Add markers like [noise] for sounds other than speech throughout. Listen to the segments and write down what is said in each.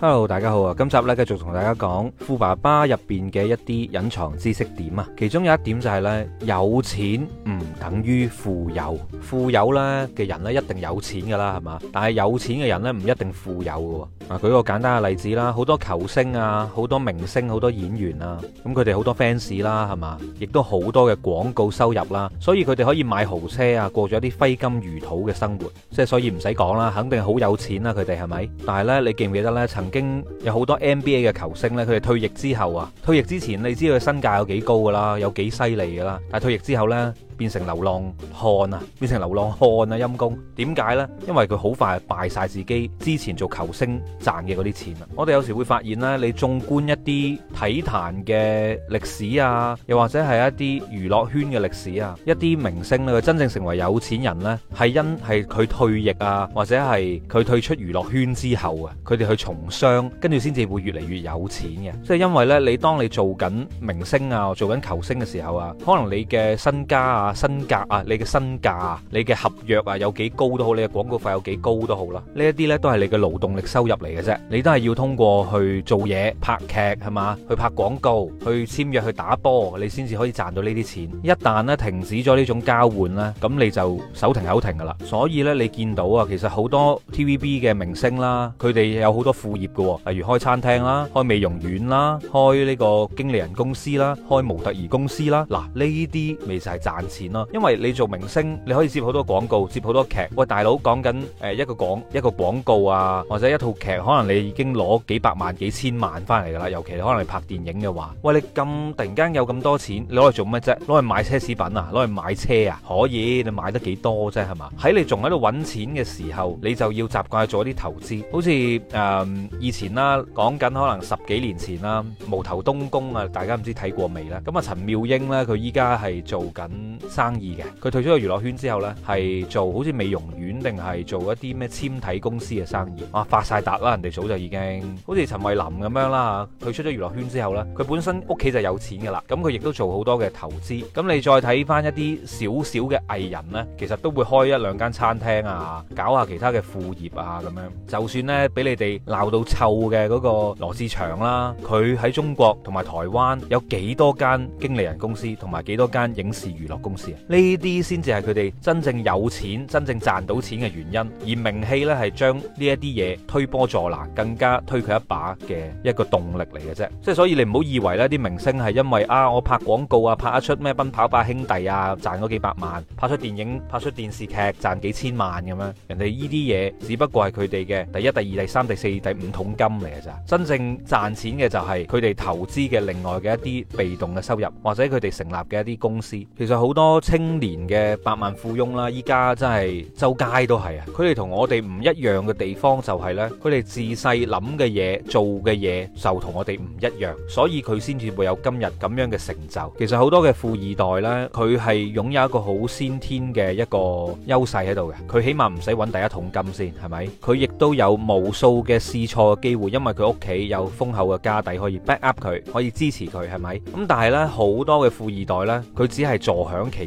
Hello，大家好啊！今集咧繼續同大家講《富爸爸》入邊嘅一啲隱藏知識點啊，其中有一點就係、是、呢有錢唔等於富有，富有呢嘅人咧一定有錢噶啦，係嘛？但係有錢嘅人呢，唔一定富有嘅。啊，舉個簡單嘅例子啦，好多球星啊，好多明星，好多演員啊，咁佢哋好多 fans 啦，係嘛，亦都好多嘅廣告收入啦，所以佢哋可以買豪車啊，過咗啲揮金如土嘅生活，即係所以唔使講啦，肯定好有錢啦，佢哋係咪？但係呢，你記唔記得呢？曾經有好多 NBA 嘅球星呢，佢哋退役之後啊，退役之前你知道佢身價有幾高噶啦，有幾犀利噶啦，但係退役之後呢。變成流浪漢啊，變成流浪漢啊，陰公，點解呢？因為佢好快就敗晒自己之前做球星賺嘅嗰啲錢啦。我哋有時會發現呢，你縱觀一啲體壇嘅歷史啊，又或者係一啲娛樂圈嘅歷史啊，一啲明星呢，佢真正成為有錢人呢，係因係佢退役啊，或者係佢退出娛樂圈之後啊，佢哋去從商，跟住先至會越嚟越有錢嘅。即係因為呢，你當你做緊明星啊，做緊球星嘅時候啊，可能你嘅身家啊。啊身價啊，你嘅身價啊，你嘅合約啊，有幾高都好，你嘅廣告費有幾高都好啦。呢一啲呢都係你嘅勞動力收入嚟嘅啫，你都係要通過去做嘢、拍劇係嘛、去拍廣告、去簽約、去打波，你先至可以賺到呢啲錢。一旦咧停止咗呢種交換呢，咁你就手停口停噶啦。所以呢，你見到啊，其實好多 TVB 嘅明星啦，佢哋有好多副業噶，例如開餐廳啦、開美容院啦、開呢個經理人公司啦、開模特兒公司啦。嗱，呢啲咪就係賺。錢咯，因為你做明星，你可以接好多廣告，接好多劇。喂，大佬講緊誒一個廣一個廣告啊，或者一套劇，可能你已經攞幾百萬、幾千萬翻嚟㗎啦。尤其你可能你拍電影嘅話，喂，你咁突然間有咁多錢，你攞嚟做乜啫？攞嚟買奢侈品啊？攞嚟買車啊？可以你買得幾多啫、啊？係嘛？喺你仲喺度揾錢嘅時候，你就要習慣去做啲投資，好似誒、呃、以前啦，講緊可能十幾年前啦，無頭東宮啊，大家唔知睇過未咧？咁、嗯、啊，陳妙英呢，佢依家係做緊生意嘅，佢退出咗娛樂圈之後咧，係做好似美容院定係做一啲咩纖體公司嘅生意，哇，啊，發晒達啦！人哋早就已經好似陳慧琳咁樣啦嚇，佢出咗娛樂圈之後咧，佢本身屋企就有錢噶啦，咁佢亦都做好多嘅投資，咁你再睇翻一啲少少嘅藝人咧，其實都會開一兩間餐廳啊，搞下其他嘅副業啊咁樣，就算咧俾你哋鬧到臭嘅嗰個羅志祥啦，佢喺中國同埋台灣有幾多間經理人公司同埋幾多間影視娛樂公司。公？呢啲先至係佢哋真正有錢、真正賺到錢嘅原因，而名氣呢，係將呢一啲嘢推波助瀾，更加推佢一把嘅一個動力嚟嘅啫。即係所以你唔好以為呢啲明星係因為啊我拍廣告啊拍得出咩奔跑吧兄弟啊賺咗幾百萬，拍出電影、拍出電視劇賺幾千萬咁樣。人哋呢啲嘢只不過係佢哋嘅第一、第二、第三、第四、第五桶金嚟嘅咋。真正賺錢嘅就係佢哋投資嘅另外嘅一啲被動嘅收入，或者佢哋成立嘅一啲公司，其實好。多青年嘅百萬富翁啦，依家真係周街都係啊！佢哋同我哋唔一樣嘅地方就係咧，佢哋自細諗嘅嘢、做嘅嘢就同我哋唔一樣，所以佢先至會有今日咁樣嘅成就。其實好多嘅富二代咧，佢係擁有一個好先天嘅一個優勢喺度嘅，佢起碼唔使揾第一桶金先，係咪？佢亦都有無數嘅試錯嘅機會，因為佢屋企有豐厚嘅家底可以 back up 佢，可以支持佢，係咪？咁但係咧，好多嘅富二代咧，佢只係坐享。其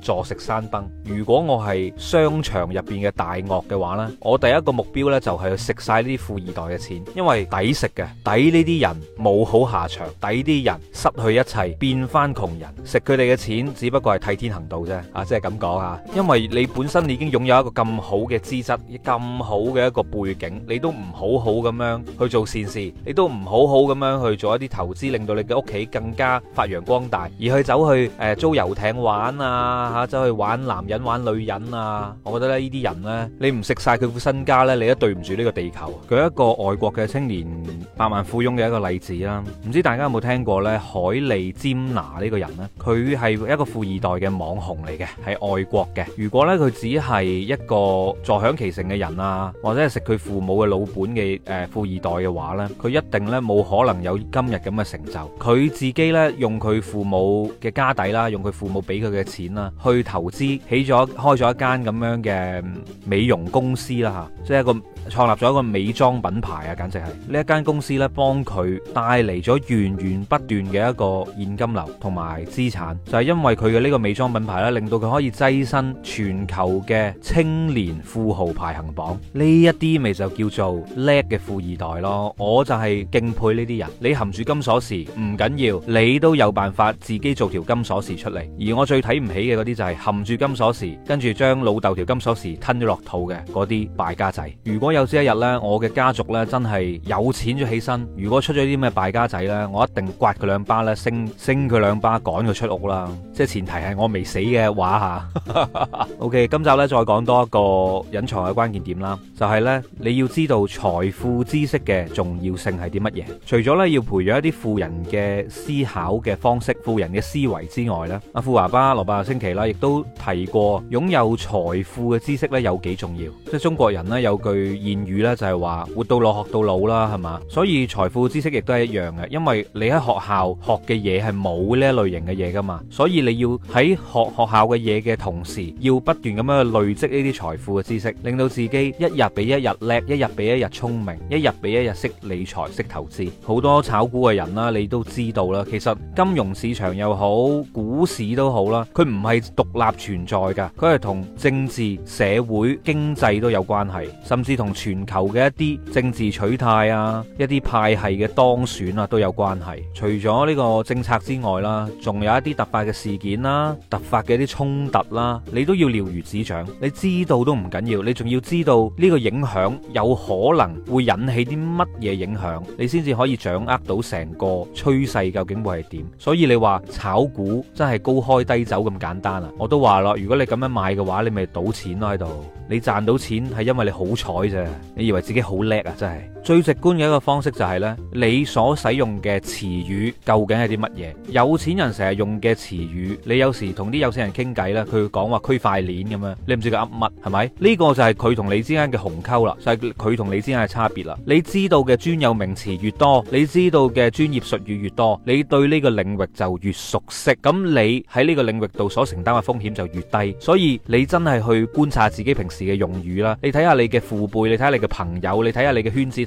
坐食山崩。如果我係商場入邊嘅大鱷嘅話呢，我第一個目標呢，就係去食晒呢啲富二代嘅錢，因為抵食嘅，抵呢啲人冇好下場，抵啲人失去一切，變翻窮人，食佢哋嘅錢只不過係替天行道啫，啊，即係咁講啊。因為你本身已經擁有一個咁好嘅資質，咁好嘅一個背景，你都唔好好咁樣去做善事，你都唔好好咁樣去做一啲投資，令到你嘅屋企更加發揚光大，而去走去誒、呃、租遊艇玩。玩啊，吓走去玩男人玩女人啊！我覺得咧呢啲人咧，你唔食晒佢副身家咧，你都對唔住呢個地球，啊。舉一個外國嘅青年百萬富翁嘅一個例子啦、啊，唔知大家有冇聽過咧？海莉詹拿呢個人咧，佢係一個富二代嘅網紅嚟嘅，係外國嘅。如果咧佢只係一個坐享其成嘅人啊，或者係食佢父母嘅老本嘅誒、呃、富二代嘅話咧，佢一定咧冇可能有今日咁嘅成就。佢自己咧用佢父母嘅家底啦，用佢父母俾佢。佢嘅錢啦，去投資起咗開咗一間咁樣嘅美容公司啦，吓，即係一個。創立咗一個美妝品牌啊，簡直係呢一間公司咧，幫佢帶嚟咗源源不斷嘅一個現金流同埋資產， [noise] 就係因為佢嘅呢個美妝品牌咧，令到佢可以躋身全球嘅青年富豪排行榜。呢一啲咪就叫做叻嘅富二代咯，我就係敬佩呢啲人。你含住金鎖匙唔緊要，你都有辦法自己做條金鎖匙出嚟。而我最睇唔起嘅嗰啲就係含住金鎖匙，跟住將老豆條金鎖匙吞咗落肚嘅嗰啲敗家仔。如果有朝一,一日咧，我嘅家族咧真係有錢咗起身，如果出咗啲咩敗家仔咧，我一定刮佢兩巴咧，升升佢兩巴，趕佢出屋啦。即係前提係我未死嘅話吓。 [laughs] O.K. 今集咧再講多一個隱藏嘅關鍵點啦，就係、係、咧你要知道財富知識嘅重要性係啲乜嘢。除咗咧要培養一啲富人嘅思考嘅方式、富人嘅思維之外咧，阿富爸爸羅伯特·清崎啦，亦都提過擁有財富嘅知識咧有幾重要。即係中國人咧有句。諺語咧就係話活到老學到老啦，係嘛？所以財富知識亦都係一樣嘅，因為你喺學校學嘅嘢係冇呢一類型嘅嘢噶嘛，所以你要喺學學校嘅嘢嘅同時，要不斷咁樣去累積呢啲財富嘅知識，令到自己一日比一日叻，一日比一日聰明，一日比一日識理財、識投資。好多炒股嘅人啦，你都知道啦，其實金融市場又好，股市都好啦，佢唔係獨立存在噶，佢係同政治、社會、經濟都有關係，甚至同。全球嘅一啲政治取態啊，一啲派系嘅當選啊，都有關係。除咗呢個政策之外啦，仲有一啲突發嘅事件啦，突發嘅啲衝突啦，你都要了如指掌。你知道都唔緊要，你仲要知道呢個影響有可能會引起啲乜嘢影響，你先至可以掌握到成個趨勢究竟會係點。所以你話炒股真係高開低走咁簡單啊？我都話咯，如果你咁樣買嘅話，你咪賭錢咯喺度。你賺到錢係因為你好彩咋，你以為自己好叻啊，真係。最直觀嘅一個方式就係咧，你所使用嘅詞語究竟係啲乜嘢？有錢人成日用嘅詞語，你有時同啲有錢人傾偈咧，佢講話區塊鏈咁樣，你唔知佢噏乜係咪？呢個就係佢同你之間嘅鴻溝啦，就係佢同你之間嘅差別啦。你知道嘅專有名詞越多，你知道嘅專業術語越多，你對呢個領域就越熟悉，咁你喺呢個領域度所承擔嘅風險就越低。所以你真係去觀察自己平時嘅用語啦，你睇下你嘅父輩，你睇下你嘅朋友，你睇下你嘅圈子，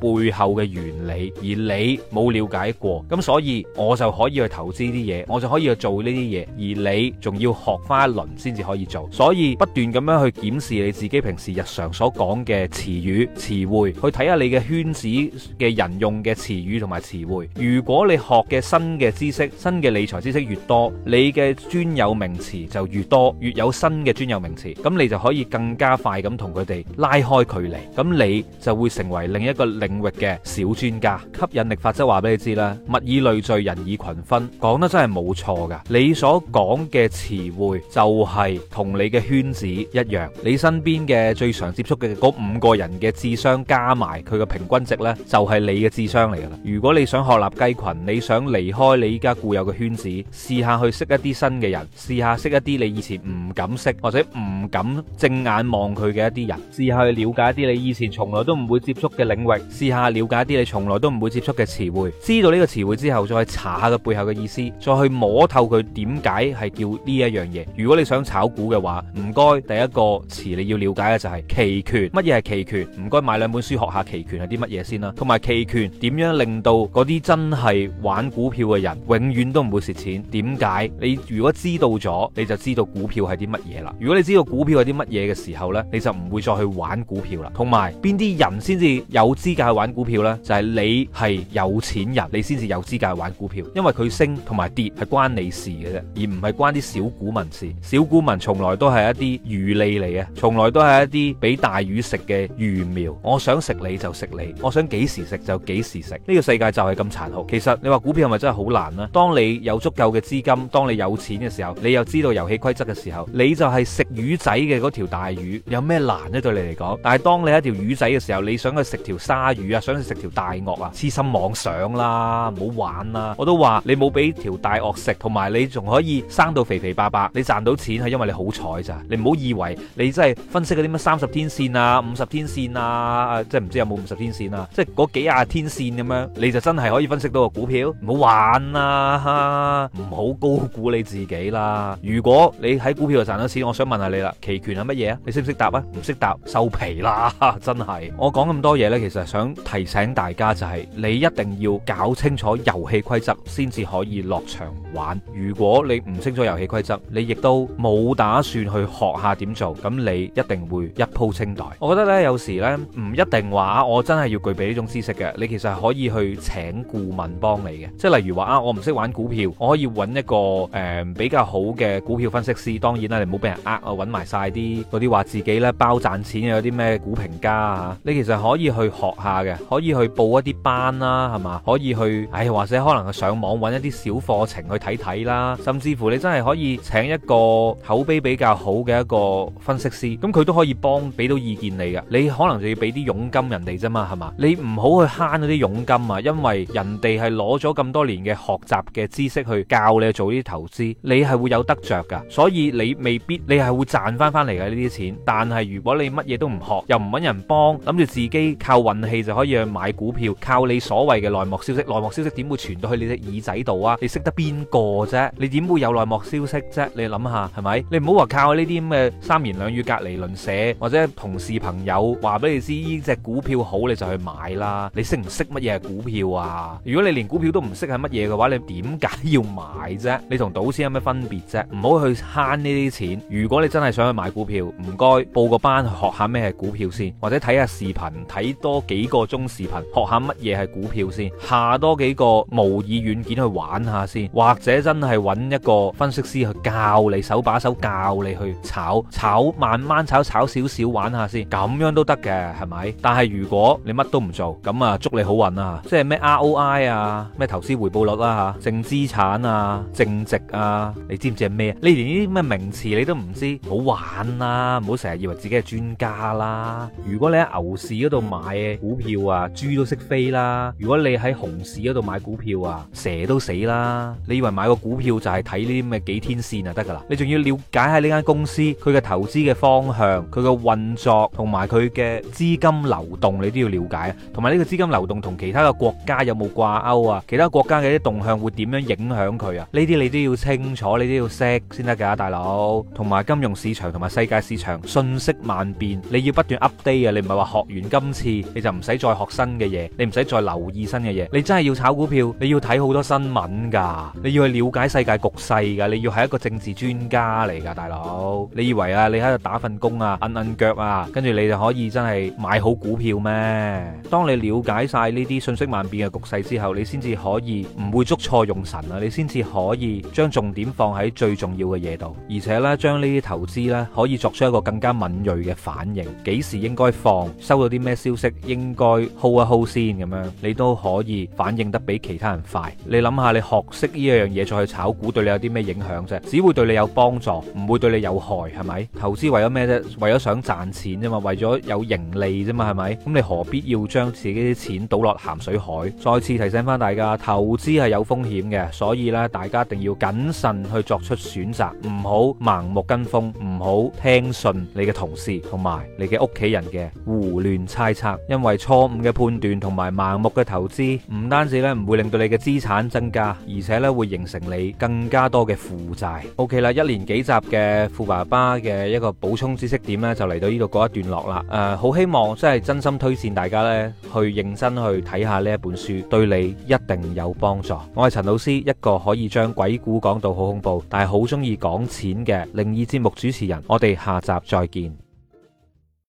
佢背後嘅原理，而你冇了解過，咁所以我就可以去投資啲嘢，我就可以去做呢啲嘢，而你仲要學翻一輪先至可以做，所以不斷咁樣去檢視你自己平時日常所講嘅詞語、詞彙，去睇下你嘅圈子嘅人用嘅詞語同埋詞彙。如果你學嘅新嘅知識、新嘅理財知識越多，你嘅專有名詞就越多，越有新嘅專有名詞，咁你就可以更加快咁同佢哋拉開距離，咁你就會成為另一個領域嘅小專家，吸引力法則話俾你知啦，物以類聚，人以群分，講得真係冇錯噶。你所講嘅詞彙就係同你嘅圈子一樣，你身邊嘅最常接觸嘅嗰五個人嘅智商加埋佢嘅平均值呢，就係你嘅智商嚟噶啦。如果你想學立雞群，你想離開你依家固有嘅圈子，試下去識一啲新嘅人，試下識一啲你以前唔敢識或者唔敢正眼望佢嘅一啲人，試下去了解一啲你以前從來都唔會接觸嘅領域。試下了解一啲你從來都唔會接觸嘅詞彙，知道呢個詞彙之後，再去查下個背後嘅意思，再去摸透佢點解係叫呢一樣嘢。如果你想炒股嘅話，唔該，第一個詞你要了解嘅就係期權，乜嘢係期權？唔該，買兩本書學下期權係啲乜嘢先啦。同埋期權點樣令到嗰啲真係玩股票嘅人永遠都唔會蝕錢？點解？你如果知道咗，你就知道股票係啲乜嘢啦。如果你知道股票係啲乜嘢嘅時候呢，你就唔會再去玩股票啦。同埋邊啲人先至有？資格去玩股票咧，就係、是、你係有錢人，你先至有資格去玩股票。因為佢升同埋跌係關你事嘅啫，而唔係關啲小股民事。小股民從來都係一啲魚利嚟嘅，從來都係一啲俾大魚食嘅魚苗。我想食你就食你，我想幾時食就幾時食。呢、這個世界就係咁殘酷。其實你話股票係咪真係好難呢？當你有足夠嘅資金，當你有錢嘅時候，你又知道遊戲規則嘅時候，你就係食魚仔嘅嗰條大魚。有咩難呢？對你嚟講，但係當你一條魚仔嘅時候，你想去食條生鯊、啊、魚啊，想食條大鱷啊，痴心妄想啦，唔好玩啦！我都話你冇俾條大鱷食，同埋你仲可以生到肥肥白白。你賺到錢係因為你好彩咋，你唔好以為你真係分析嗰啲咩三十天線啊、五十天線、啊啊、天線啊，即係唔知有冇五十天線啊，即係嗰幾廿天線咁樣，你就真係可以分析到個股票。唔好玩啦，唔好高估你自己啦。如果你喺股票度賺到錢，我想問下你啦，期權係乜嘢啊？你識唔識答啊？唔識答，收皮啦！真係，我講咁多嘢呢，其實。想提醒大家就係你一定要搞清楚遊戲規則先至可以落場玩。如果你唔清楚遊戲規則，你亦都冇打算去學下點做，咁你一定會一鋪清袋。我覺得咧，有時咧唔一定話我真係要具備呢種知識嘅，你其實可以去請顧問幫你嘅。即係例如話啊，我唔識玩股票，我可以揾一個誒比較好嘅股票分析師。當然啦，你唔好俾人呃啊，揾埋晒啲嗰啲話自己咧包賺錢嘅，有啲咩股評家啊，你其實可以去學。下嘅可以去報一啲班啦、啊，係嘛？可以去，唉、哎，或者可能去上網揾一啲小課程去睇睇啦。甚至乎你真係可以請一個口碑比較好嘅一個分析師，咁佢都可以幫俾到意見你嘅。你可能就要俾啲佣金人哋啫嘛，係嘛？你唔好去慳嗰啲佣金啊，因為人哋係攞咗咁多年嘅學習嘅知識去教你做呢啲投資，你係會有得着噶。所以你未必你係會賺翻翻嚟嘅呢啲錢。但係如果你乜嘢都唔學，又唔揾人幫，諗住自己靠運戲就可以去買股票，靠你所謂嘅內幕消息。內幕消息點會傳到去你隻耳仔度啊？你識得邊個啫？你點會有內幕消息啫？你諗下係咪？你唔好話靠呢啲咁嘅三言兩語隔籬鄰舍，或者同事朋友話俾你知呢隻股票好，你就去買啦。你識唔識乜嘢係股票啊？如果你連股票都唔識係乜嘢嘅話，你點解要買啫？你同賭錢有咩分別啫？唔好去慳呢啲錢。如果你真係想去買股票，唔該報個班學下咩係股票先，或者睇下視頻，睇多幾。幾個鐘視頻學下乜嘢係股票先，下多幾個模擬軟件去玩下先，或者真係揾一個分析師去教你手把手教你去炒，炒慢慢炒炒少少玩下先，咁樣都得嘅係咪？但係如果你乜都唔做，咁啊祝你好運啦，啊！即係咩 ROI 啊，咩投資回報率啦，啊、吓，淨資產啊，淨值啊，你知唔知係咩？你連呢啲咩名詞你都唔知，唔好玩啦，唔好成日以為自己係專家啦。如果你喺牛市嗰度買，股票啊，豬都識飛啦！如果你喺熊市嗰度買股票啊，蛇都死啦！你以為買個股票就係睇呢啲咩幾天線就得噶啦？你仲要了解下呢間公司佢嘅投資嘅方向、佢嘅運作同埋佢嘅資金流動，你都要了解。同埋呢個資金流動同其他嘅國家有冇掛鈎啊？其他國家嘅啲動向會點樣影響佢啊？呢啲你都要清楚，你都要識先得噶，大佬。同埋金融市場同埋世界市場瞬息萬變，你要不斷 update 啊！你唔係話學完今次你就～唔使再學新嘅嘢，你唔使再留意新嘅嘢。你真係要炒股票，你要睇好多新聞噶，你要去了解世界局勢噶，你要係一個政治專家嚟噶，大佬。你以為啊，你喺度打份工啊，摁摁腳啊，跟住你就可以真係買好股票咩？當你了解晒呢啲瞬息萬變嘅局勢之後，你先至可以唔會捉錯用神啊，你先至可以將重點放喺最重要嘅嘢度，而且咧將呢啲投資咧可以作出一個更加敏銳嘅反應，幾時應該放，收到啲咩消息應該 hold 一 hold 先，咁樣，你都可以反應得比其他人快。你諗下，你學識呢一樣嘢再去炒股，對你有啲咩影響啫？只會對你有幫助，唔會對你有害，係咪？投資為咗咩啫？為咗想賺錢啫嘛，為咗有盈利啫嘛，係咪？咁你何必要將自己啲錢倒落鹹水海？再次提醒翻大家，投資係有風險嘅，所以咧，大家一定要謹慎去作出選擇，唔好盲目跟風，唔好聽信你嘅同事同埋你嘅屋企人嘅胡亂猜測，因為為錯誤嘅判斷，同埋盲目嘅投資，唔單止咧唔會令到你嘅資產增加，而且咧會形成你更加多嘅負債。OK 啦，一連幾集嘅富爸爸嘅一個補充知識點咧，就嚟到呢度告一段落啦。誒、呃，好希望真係真心推薦大家咧去認真去睇下呢一本書，對你一定有幫助。我係陳老師，一個可以將鬼故講到好恐怖，但係好中意講錢嘅靈異節目主持人。我哋下集再見。